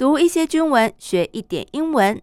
讀一些軍文，學一點英文。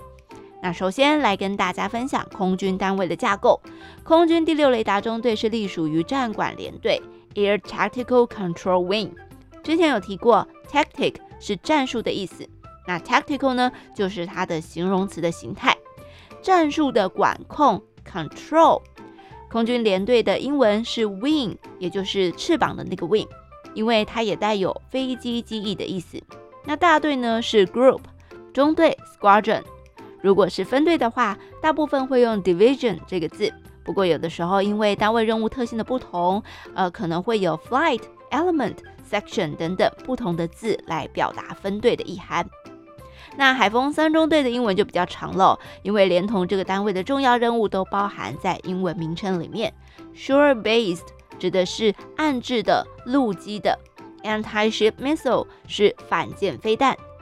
那首先來跟大家分享空軍單位的架構。空軍第六雷達中隊是隸屬於戰管聯隊 （Air Tactical Control Wing）。之前有提過，tactic 是戰術的意思，那 tactical 呢就是它的形容詞的形態，戰術的管控 （control）。空軍聯隊的英文是 wing，也就是翅膀的那個 wing，因為它也帶有飛機機翼的意思。那大隊呢是 group，中隊 （squadron）。如果是分隊的話，大部分會用 division 這個字。不過有的時候，因為單位任務特性的不同，呃，可能會有 flight、element、section 等等不同的字來表達分隊的意涵。那海鋒三中隊的英文就比較長了，因為連同這個單位的重要任務都包含在英文名稱裡面。shore-based 指的是岸置的、陸基的。anti-ship missile 是反艦飛彈。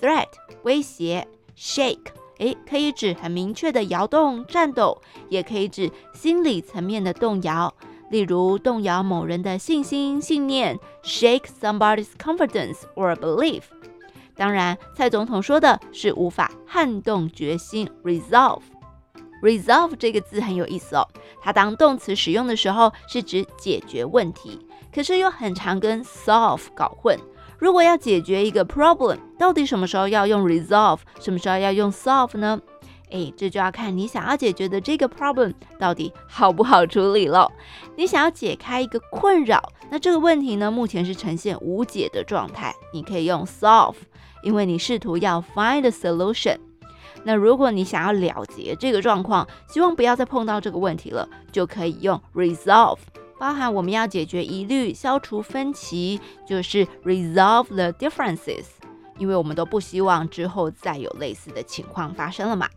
Threat 威脅，shake 哎，可以指很明確的搖動、顫抖，也可以指心理層面的動搖，例如動搖某人的信心、信念，shake somebody's confidence or belief。當然，蔡總統說的是無法撼動決心，resolve。resolve Res 這個字很有意思哦，它當動詞使用的時候是指解決問題，可是又很常跟 solve 搞混。如果要解決一個 problem，到底什麼時候要用 resolve，什麼時候要用 solve 呢？誒，這就要看你想要解決的這個 problem 到底好不好處理了。你想要解開一個困擾，那這個問題呢，目前是呈現無解的狀態，你可以用 solve，因為你試圖要 find a solution。那如果你想要了結這個狀況，希望不要再碰到這個問題了，就可以用 resolve。包含我們要解決疑慮、消除分歧，就是 resolve the differences，因為我們都不希望之後再有類似的情況發生了嘛。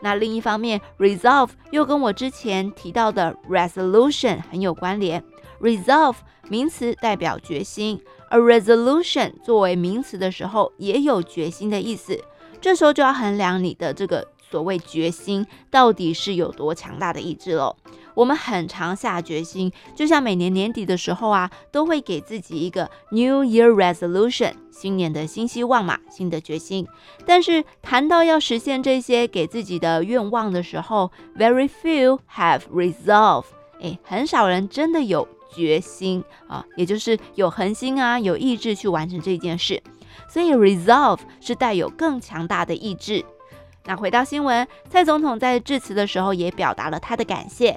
那另一方面，resolve 又跟我之前提到的 resolution 很有關聯。resolve 名詞代表決心，而 resolution 作為名詞的時候也有決心的意思。這時候就要衡量你的這個所謂決心到底是有多強大的意志嘍。我們很常下決心，就像每年年底的時候啊，都會給自己一個 New Year Resolution，新年的新希望嘛，新的決心。但是談到要實現這些給自己的願望的時候，very few have resolve，哎，很少人真的有決心啊，也就是有恆心啊，有意志去完成這件事。所以 resolve 是帶有更強大的意志。那回到新聞，蔡總統在致辭的時候也表達了他的感謝。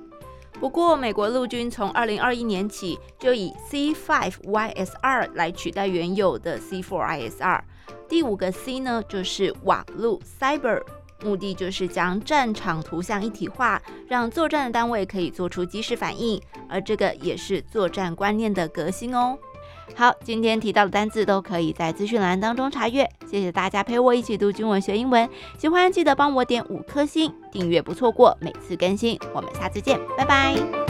不過，美國陸軍從二零二一年起就以 C Five I S R 來取代原有的 C Four I S R。第五個 C 呢，就是網路 Cyber，目的就是將戰場圖像一體化，讓作戰的單位可以做出即時反應，而這個也是作戰觀念的革新哦。好，今天提到的單字都可以在資訊欄當中查閱。謝謝大家陪我一起讀軍聞學英文，喜歡記得幫我點五顆星，訂閱不錯過每次更新。我們下次見，拜拜。